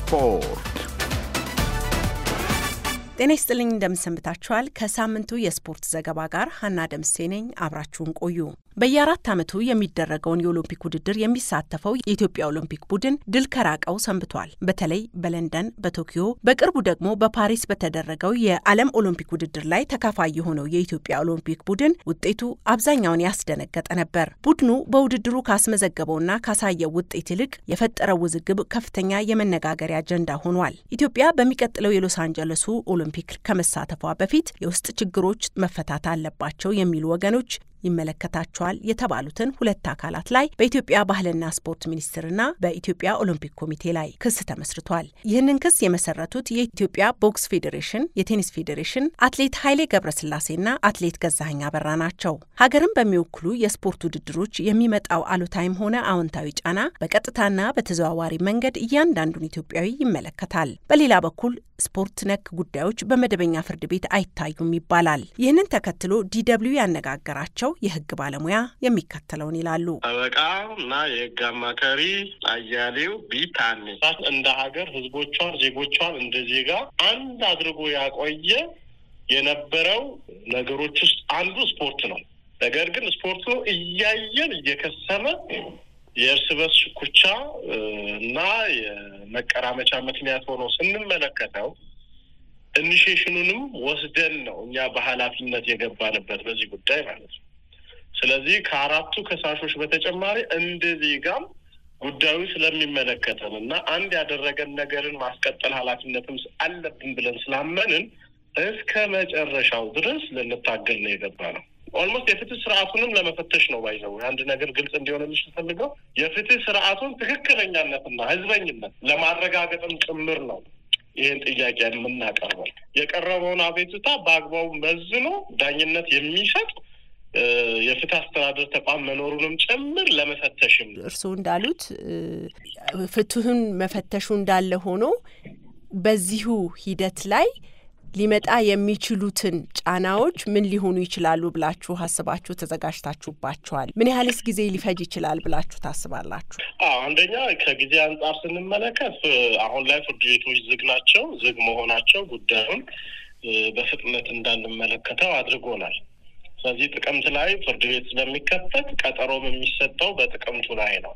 ስፖርት ጤና ይስጥልኝ እንደምንሰንብታችኋል ከሳምንቱ የስፖርት ዘገባ ጋር ሀና ደምሴ ነኝ አብራችሁን ቆዩ በየአራት ዓመቱ የሚደረገውን የኦሎምፒክ ውድድር የሚሳተፈው የኢትዮጵያ ኦሎምፒክ ቡድን ድል ከራቀው ሰንብቷል። በተለይ በለንደን፣ በቶኪዮ፣ በቅርቡ ደግሞ በፓሪስ በተደረገው የዓለም ኦሎምፒክ ውድድር ላይ ተካፋይ የሆነው የኢትዮጵያ ኦሎምፒክ ቡድን ውጤቱ አብዛኛውን ያስደነገጠ ነበር። ቡድኑ በውድድሩ ካስመዘገበውና ካሳየው ውጤት ይልቅ የፈጠረው ውዝግብ ከፍተኛ የመነጋገሪያ አጀንዳ ሆኗል። ኢትዮጵያ በሚቀጥለው የሎስ አንጀለሱ ኦሎምፒክ ከመሳተፏ በፊት የውስጥ ችግሮች መፈታት አለባቸው የሚሉ ወገኖች ይመለከታቸዋል የተባሉትን ሁለት አካላት ላይ በኢትዮጵያ ባህልና ስፖርት ሚኒስቴርና በኢትዮጵያ ኦሎምፒክ ኮሚቴ ላይ ክስ ተመስርቷል። ይህንን ክስ የመሰረቱት የኢትዮጵያ ቦክስ ፌዴሬሽን፣ የቴኒስ ፌዴሬሽን፣ አትሌት ኃይሌ ገብረስላሴና አትሌት ገዛኸኝ አበራ ናቸው። ሀገርን በሚወክሉ የስፖርት ውድድሮች የሚመጣው አሉታይም ሆነ አዎንታዊ ጫና በቀጥታና በተዘዋዋሪ መንገድ እያንዳንዱን ኢትዮጵያዊ ይመለከታል። በሌላ በኩል ስፖርት ነክ ጉዳዮች በመደበኛ ፍርድ ቤት አይታዩም ይባላል። ይህንን ተከትሎ ዲደብሊው ያነጋገራቸው የህግ ባለሙያ የሚከተለውን ይላሉ። ጠበቃ እና የህግ አማካሪ አያሌው ቢታኔ እንደ ሀገር ህዝቦቿን ዜጎቿን እንደ ዜጋ አንድ አድርጎ ያቆየ የነበረው ነገሮች ውስጥ አንዱ ስፖርት ነው። ነገር ግን ስፖርቱ እያየን እየከሰመ የእርስ በርስ ሽኩቻ እና የመቀራመቻ ምክንያት ሆኖ ስንመለከተው ኢኒሽሽኑንም ወስደን ነው እኛ በኃላፊነት የገባንበት በዚህ ጉዳይ ማለት ነው። ስለዚህ ከአራቱ ከሳሾች በተጨማሪ እንደዚህ ጋም ጉዳዩ ስለሚመለከተን እና አንድ ያደረገን ነገርን ማስቀጠል ኃላፊነትም አለብን ብለን ስላመንን እስከ መጨረሻው ድረስ ልንታገል ነው የገባ ነው። ኦልሞስት የፍትህ ስርዓቱንም ለመፈተሽ ነው ባይዘው አንድ ነገር ግልጽ እንዲሆንልሽ ፈልገው የፍትህ ስርዓቱን ትክክለኛነትና ህዝበኝነት ለማረጋገጥም ጭምር ነው ይህን ጥያቄ የምናቀርበው። የቀረበውን አቤቱታ በአግባቡ መዝኖ ዳኝነት የሚሰጥ የፍትህ አስተዳደር ተቋም መኖሩንም ጭምር ለመፈተሽም እርስዎ እንዳሉት ፍትሁን መፈተሹ እንዳለ ሆኖ በዚሁ ሂደት ላይ ሊመጣ የሚችሉትን ጫናዎች ምን ሊሆኑ ይችላሉ ብላችሁ አስባችሁ ተዘጋጅታችሁባቸዋል? ምን ያህልስ ጊዜ ሊፈጅ ይችላል ብላችሁ ታስባላችሁ? አንደኛ ከጊዜ አንጻር ስንመለከት አሁን ላይ ፍርድ ቤቶች ዝግ ናቸው። ዝግ መሆናቸው ጉዳዩን በፍጥነት እንዳንመለከተው አድርጎናል። ስለዚህ ጥቅምት ላይ ፍርድ ቤት ስለሚከፈት ቀጠሮም የሚሰጠው በጥቅምቱ ላይ ነው።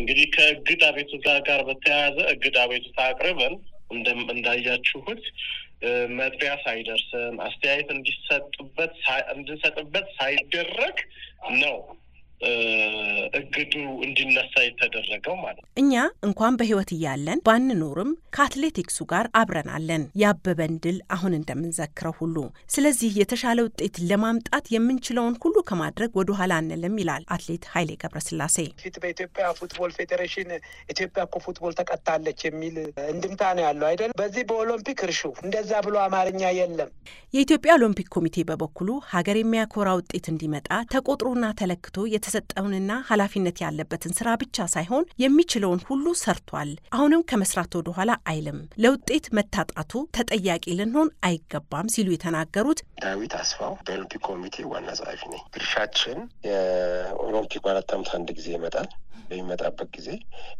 እንግዲህ ከእግድ አቤቱታ ጋር በተያያዘ እግድ አቤቱታ አቅርበን እንዳያችሁት መጥሪያ ሳይደርስም አስተያየት እንዲሰጡበት እንድንሰጥበት ሳይደረግ ነው እግዱ እንዲነሳ የተደረገው ማለት ነው። እኛ እንኳን በህይወት እያለን ባንኖርም ከአትሌቲክሱ ጋር አብረናለን ያበበን ድል አሁን እንደምንዘክረው ሁሉ። ስለዚህ የተሻለ ውጤት ለማምጣት የምንችለውን ሁሉ ከማድረግ ወደ ኋላ አንልም ይላል አትሌት ኃይሌ ገብረስላሴ። ፊት በኢትዮጵያ ፉትቦል ፌዴሬሽን ኢትዮጵያ እኮ ፉትቦል ተቀጣለች የሚል እንድምታ ነው ያለው አይደል? በዚህ በኦሎምፒክ እርሹ እንደዛ ብሎ አማርኛ የለም። የኢትዮጵያ ኦሎምፒክ ኮሚቴ በበኩሉ ሀገር የሚያኮራ ውጤት እንዲመጣ ተቆጥሮና ተለክቶ የተሰጠውንና ኃላፊነት ያለበትን ስራ ብቻ ሳይሆን የሚችለውን ሁሉ ሰርቷል። አሁንም ከመስራት ወደኋላ አይልም። ለውጤት መታጣቱ ተጠያቂ ልንሆን አይገባም ሲሉ የተናገሩት ዳዊት አስፋው በኦሎምፒክ ኮሚቴ ዋና ጸሐፊ ነኝ። ድርሻችን የኦሎምፒክ በአራት ዓመት አንድ ጊዜ ይመጣል። በሚመጣበት ጊዜ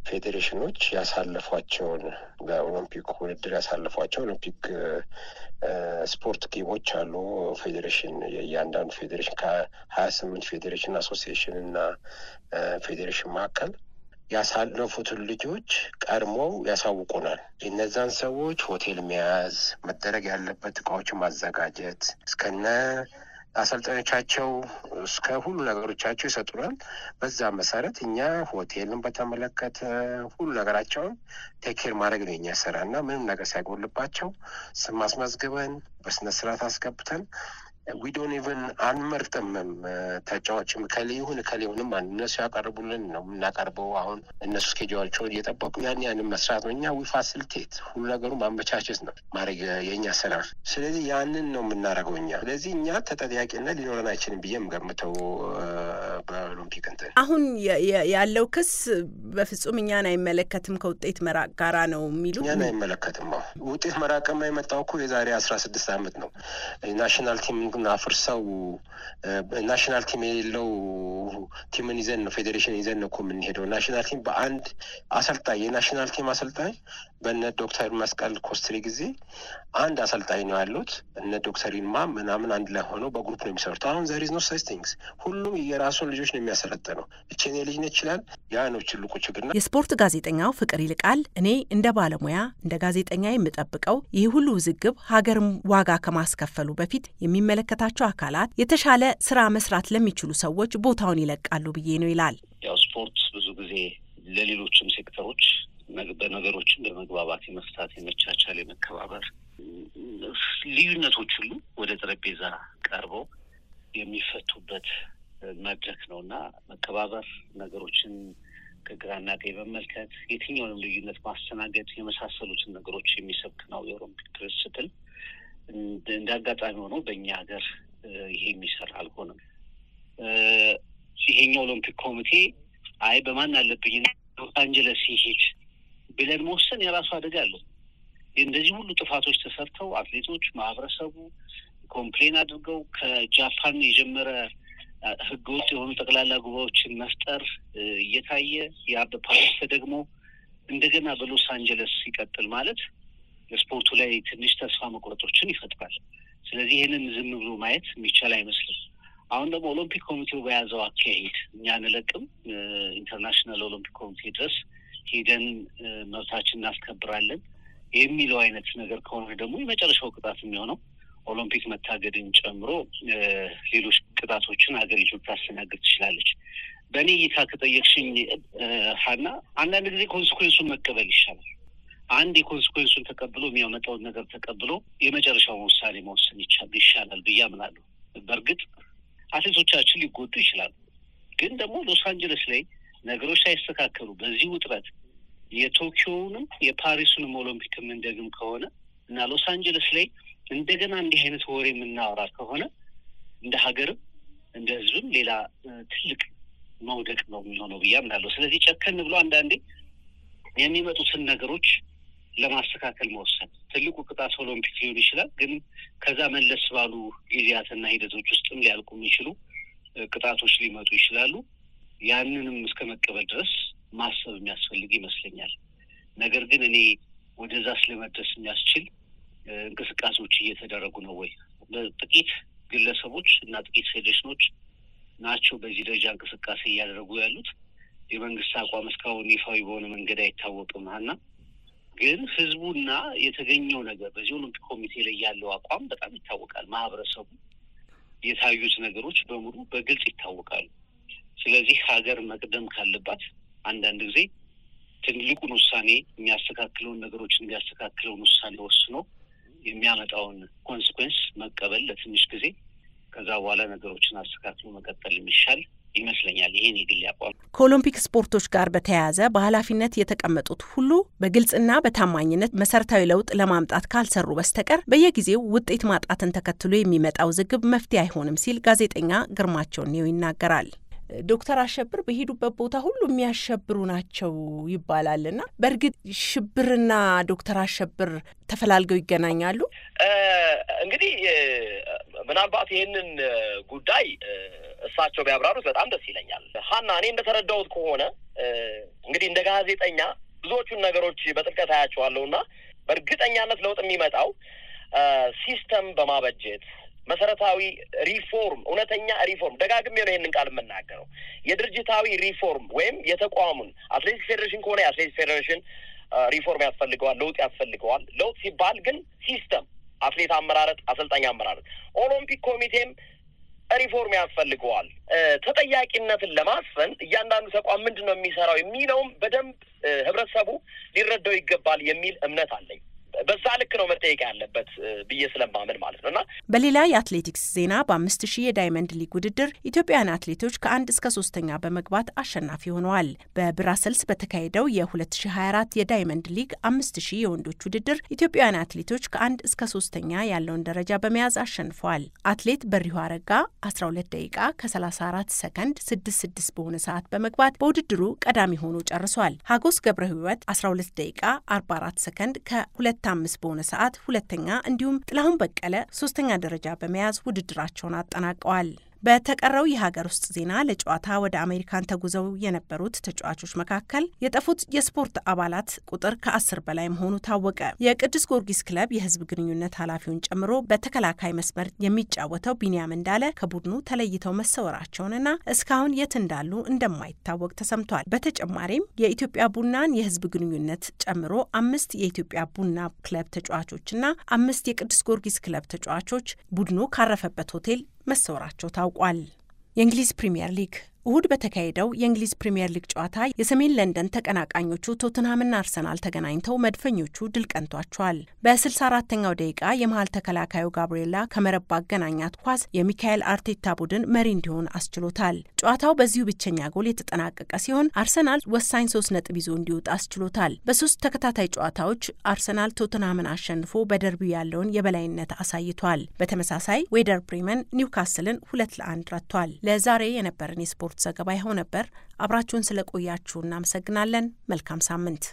ፌዴሬሽኖች ያሳለፏቸውን በኦሎምፒክ ውድድር ያሳለፏቸው ኦሎምፒክ ስፖርት ጌሞች አሉ። ፌዴሬሽን የእያንዳንዱ ፌዴሬሽን ከሀያ ስምንት ፌዴሬሽን አሶሲሽን እና ፌዴሬሽን መካከል ያሳለፉትን ልጆች ቀድሞው ያሳውቁናል። እነዛን ሰዎች ሆቴል መያዝ፣ መደረግ ያለበት እቃዎችን ማዘጋጀት እስከነ አሰልጣኞቻቸው እስከ ሁሉ ነገሮቻቸው ይሰጡናል። በዛ መሰረት እኛ ሆቴልን በተመለከተ ሁሉ ነገራቸውን ቴክር ማድረግ ነው የኛ ስራ እና ምንም ነገር ሳይጎልባቸው ስም አስመዝግበን በስነ ስርዓት አስገብተን ዊዶን ኢቨን አንመርጥምም ተጫዋችም ከሌ ይሁን ከሌ ይሁንም እነሱ ያቀርቡልን ነው የምናቀርበው። አሁን እነሱ ስኬጃቸውን እየጠበቁ ያን ያንን መስራት ነው። እኛ ዊ ፋሲሊቴት ሁሉ ነገሩ ማመቻቸት ነው ማድረግ የእኛ ስራ። ስለዚህ ያንን ነው የምናደርገው እኛ። ስለዚህ እኛ ተጠያቂነት ሊኖረን አይችልም ብዬ የምገምተው ኪክንትን አሁን ያለው ክስ በፍጹም እኛን አይመለከትም ከውጤት መራቅ ጋራ ነው የሚሉ እኛን አይመለከትም። ውጤት መራቅማ የመጣው እኮ የዛሬ አስራ ስድስት አመት ነው። ናሽናል ቲም ግን አፍርሰው ናሽናል ቲም የሌለው ቲምን ይዘን ነው ፌዴሬሽን ይዘን ነው እኮ የምንሄደው። ናሽናል ቲም በአንድ አሰልጣኝ የናሽናል ቲም አሰልጣኝ በነ ዶክተር መስቀል ኮስትሪ ጊዜ አንድ አሰልጣኝ ነው ያሉት። እነ ዶክተር ይልማ ምናምን አንድ ላይ ሆነው በግሩፕ ነው የሚሰሩት። አሁን ዘሪዝ ነው ሳይስቲንግስ ሁሉም የራሱን ልጆች ነው የሚያ ያሰለጠነው እችን ልጅ ነች ይችላል። ያ ነው ትልቁ ችግርና የስፖርት ጋዜጠኛው ፍቅር ይልቃል እኔ እንደ ባለሙያ እንደ ጋዜጠኛ የምጠብቀው ይህ ሁሉ ውዝግብ ሀገርም ዋጋ ከማስከፈሉ በፊት የሚመለከታቸው አካላት የተሻለ ስራ መስራት ለሚችሉ ሰዎች ቦታውን ይለቃሉ ብዬ ነው ይላል። ያው ስፖርት ብዙ ጊዜ ለሌሎችም ሴክተሮች በነገሮችን በመግባባት የመፍታት የመቻቻል፣ የመከባበር ልዩነቶች ሁሉ ወደ ጠረጴዛ ቀርበው የሚፈቱበት መድረክ ነው እና መከባበር፣ ነገሮችን ከግራና ቀኝ መመልከት፣ የትኛውንም ልዩነት ማስተናገድ የመሳሰሉትን ነገሮች የሚሰብክ ነው የኦሎምፒክ ድረስ እንደ አጋጣሚ ሆኖ በእኛ ሀገር ይሄ የሚሰራ አልሆነም። ይሄኛው ኦሎምፒክ ኮሚቴ አይ በማን አለብኝ ሎስ አንጀለስ ይሄድ ብለን መወሰን የራሱ አደጋ አለው። እንደዚህ ሁሉ ጥፋቶች ተሰርተው አትሌቶች፣ ማህበረሰቡ ኮምፕሌን አድርገው ከጃፓን የጀመረ ህገ ወጥ የሆኑ ጠቅላላ ጉባኤዎችን መፍጠር እየታየ ያ በፓሪስ ደግሞ እንደገና በሎስ አንጀለስ ሲቀጥል ማለት ለስፖርቱ ላይ ትንሽ ተስፋ መቁረጦችን ይፈጥራል። ስለዚህ ይህንን ዝም ብሎ ማየት የሚቻል አይመስልም። አሁን ደግሞ ኦሎምፒክ ኮሚቴው በያዘው አካሄድ እኛ አንለቅም፣ ኢንተርናሽናል ኦሎምፒክ ኮሚቴ ድረስ ሄደን መብታችን እናስከብራለን የሚለው አይነት ነገር ከሆነ ደግሞ የመጨረሻው ቅጣት የሚሆነው ኦሎምፒክ መታገድን ጨምሮ ሌሎች ቅጣቶችን ሀገሪቱ ልታስተናግድ ትችላለች። በእኔ እይታ ከጠየቅሽኝ ሀና፣ አንዳንድ ጊዜ ኮንስኮንሱን መቀበል ይሻላል። አንድ የኮንስኮንሱን ተቀብሎ የሚያመጣውን ነገር ተቀብሎ የመጨረሻውን ውሳኔ መወሰን ይሻላል ብዬ አምናለሁ። በእርግጥ አትሌቶቻችን ሊጎዱ ይችላሉ። ግን ደግሞ ሎስ አንጀለስ ላይ ነገሮች ሳይስተካከሉ በዚህ ውጥረት የቶኪዮውንም የፓሪሱንም ኦሎምፒክ የምንደግም ከሆነ እና ሎስ አንጀለስ ላይ እንደገና እንዲህ አይነት ወሬ የምናወራ ከሆነ እንደ ሀገርም እንደ ህዝብም ሌላ ትልቅ መውደቅ ነው የሚሆነው ብዬ አምናለሁ። ስለዚህ ጨከን ብሎ አንዳንዴ የሚመጡትን ነገሮች ለማስተካከል መወሰን ትልቁ ቅጣት ኦሎምፒክ ሊሆን ይችላል። ግን ከዛ መለስ ባሉ ጊዜያትና ሂደቶች ውስጥም ሊያልቁ የሚችሉ ቅጣቶች ሊመጡ ይችላሉ። ያንንም እስከ መቀበል ድረስ ማሰብ የሚያስፈልግ ይመስለኛል። ነገር ግን እኔ ወደዛ ስለመድረስ የሚያስችል እንቅስቃሴዎች እየተደረጉ ነው ወይ ጥቂት ግለሰቦች እና ጥቂት ፌዴሬሽኖች ናቸው በዚህ ደረጃ እንቅስቃሴ እያደረጉ ያሉት። የመንግስት አቋም እስካሁን ይፋዊ በሆነ መንገድ አይታወቅም እና ግን ህዝቡና የተገኘው ነገር በዚህ ኦሎምፒክ ኮሚቴ ላይ ያለው አቋም በጣም ይታወቃል። ማህበረሰቡ የታዩት ነገሮች በሙሉ በግልጽ ይታወቃሉ። ስለዚህ ሀገር መቅደም ካለባት አንዳንድ ጊዜ ትልቁን ውሳኔ የሚያስተካክለውን ነገሮችን የሚያስተካክለውን ውሳኔ ወስኖ የሚያመጣውን ኮንስኮንስ መቀበል ለትንሽ ጊዜ፣ ከዛ በኋላ ነገሮችን አስተካክሎ መቀጠል የሚሻል ይመስለኛል። ይህን የግል ያቋም ከኦሎምፒክ ስፖርቶች ጋር በተያያዘ በኃላፊነት የተቀመጡት ሁሉ በግልጽና በታማኝነት መሰረታዊ ለውጥ ለማምጣት ካልሰሩ በስተቀር በየጊዜው ውጤት ማጣትን ተከትሎ የሚመጣው ዝግብ መፍትሄ አይሆንም ሲል ጋዜጠኛ ግርማቸው ኔው ይናገራል። ዶክተር አሸብር በሄዱበት ቦታ ሁሉ የሚያሸብሩ ናቸው ይባላልና በእርግጥ ሽብርና ዶክተር አሸብር ተፈላልገው ይገናኛሉ? እንግዲህ ምናልባት ይህንን ጉዳይ እሳቸው ቢያብራሩት በጣም ደስ ይለኛል። ሀና፣ እኔ እንደተረዳሁት ከሆነ እንግዲህ እንደ ጋዜጠኛ ብዙዎቹን ነገሮች በጥልቀት አያቸዋለሁ እና በእርግጠኛነት ለውጥ የሚመጣው ሲስተም በማበጀት መሰረታዊ ሪፎርም፣ እውነተኛ ሪፎርም ደጋግሜ ነው ይህንን ቃል የምናገረው። የድርጅታዊ ሪፎርም ወይም የተቋሙን አትሌቲክስ ፌዴሬሽን ከሆነ የአትሌቲክስ ፌዴሬሽን ሪፎርም ያስፈልገዋል፣ ለውጥ ያስፈልገዋል። ለውጥ ሲባል ግን ሲስተም፣ አትሌት አመራረጥ፣ አሰልጣኝ አመራረጥ፣ ኦሎምፒክ ኮሚቴም ሪፎርም ያስፈልገዋል። ተጠያቂነትን ለማስፈን እያንዳንዱ ተቋም ምንድን ነው የሚሰራው የሚለውም በደንብ ህብረተሰቡ ሊረዳው ይገባል የሚል እምነት አለኝ። በዛ ልክ ነው መጠየቅ ያለበት ብዬ ስለማምን ማለት ነው እና በሌላ የአትሌቲክስ ዜና በአምስት ሺህ የዳይመንድ ሊግ ውድድር ኢትዮጵያውያን አትሌቶች ከአንድ እስከ ሶስተኛ በመግባት አሸናፊ ሆነዋል። በብራሰልስ በተካሄደው የ2024 የዳይመንድ ሊግ አምስት ሺህ የወንዶች ውድድር ኢትዮጵያውያን አትሌቶች ከአንድ እስከ ሶስተኛ ያለውን ደረጃ በመያዝ አሸንፈዋል። አትሌት በሪሁ አረጋ 12 ደቂቃ ከ34 ሰከንድ 66 በሆነ ሰዓት በመግባት በውድድሩ ቀዳሚ ሆኖ ጨርሷል። ሀጎስ ገብረ ህይወት 12 ደቂቃ 44 ሰከንድ ከ2 አምስት በሆነ ሰዓት ሁለተኛ እንዲሁም ጥላሁን በቀለ ሶስተኛ ደረጃ በመያዝ ውድድራቸውን አጠናቀዋል። በተቀረው የሀገር ውስጥ ዜና ለጨዋታ ወደ አሜሪካን ተጉዘው የነበሩት ተጫዋቾች መካከል የጠፉት የስፖርት አባላት ቁጥር ከአስር በላይ መሆኑ ታወቀ። የቅዱስ ጊዮርጊስ ክለብ የህዝብ ግንኙነት ኃላፊውን ጨምሮ በተከላካይ መስመር የሚጫወተው ቢንያም እንዳለ ከቡድኑ ተለይተው መሰወራቸውንና እስካሁን የት እንዳሉ እንደማይታወቅ ተሰምቷል። በተጨማሪም የኢትዮጵያ ቡናን የህዝብ ግንኙነት ጨምሮ አምስት የኢትዮጵያ ቡና ክለብ ተጫዋቾችና አምስት የቅዱስ ጊዮርጊስ ክለብ ተጫዋቾች ቡድኑ ካረፈበት ሆቴል መሰወራቸው ታውቋል። የእንግሊዝ ፕሪምየር ሊግ እሁድ በተካሄደው የእንግሊዝ ፕሪምየር ሊግ ጨዋታ የሰሜን ለንደን ተቀናቃኞቹ ቶትንሃምና አርሰናል ተገናኝተው መድፈኞቹ ድል ቀንቷቸዋል። በ64ኛው ደቂቃ የመሃል ተከላካዩ ጋብርኤላ ከመረብ አገናኛት ኳስ የሚካኤል አርቴታ ቡድን መሪ እንዲሆን አስችሎታል። ጨዋታው በዚሁ ብቸኛ ጎል የተጠናቀቀ ሲሆን አርሰናል ወሳኝ ሶስት ነጥብ ይዞ እንዲወጣ አስችሎታል። በሶስት ተከታታይ ጨዋታዎች አርሰናል ቶትንሃምን አሸንፎ በደርቢው ያለውን የበላይነት አሳይቷል። በተመሳሳይ ዌደር ብሬመን ኒውካስልን ሁለት ለአንድ ረቷል። ለዛሬ የነበረን የስፖርት ያቀረብኩት ዘገባ ይኸው ነበር። አብራችሁን ስለቆያችሁ እናመሰግናለን። መልካም ሳምንት።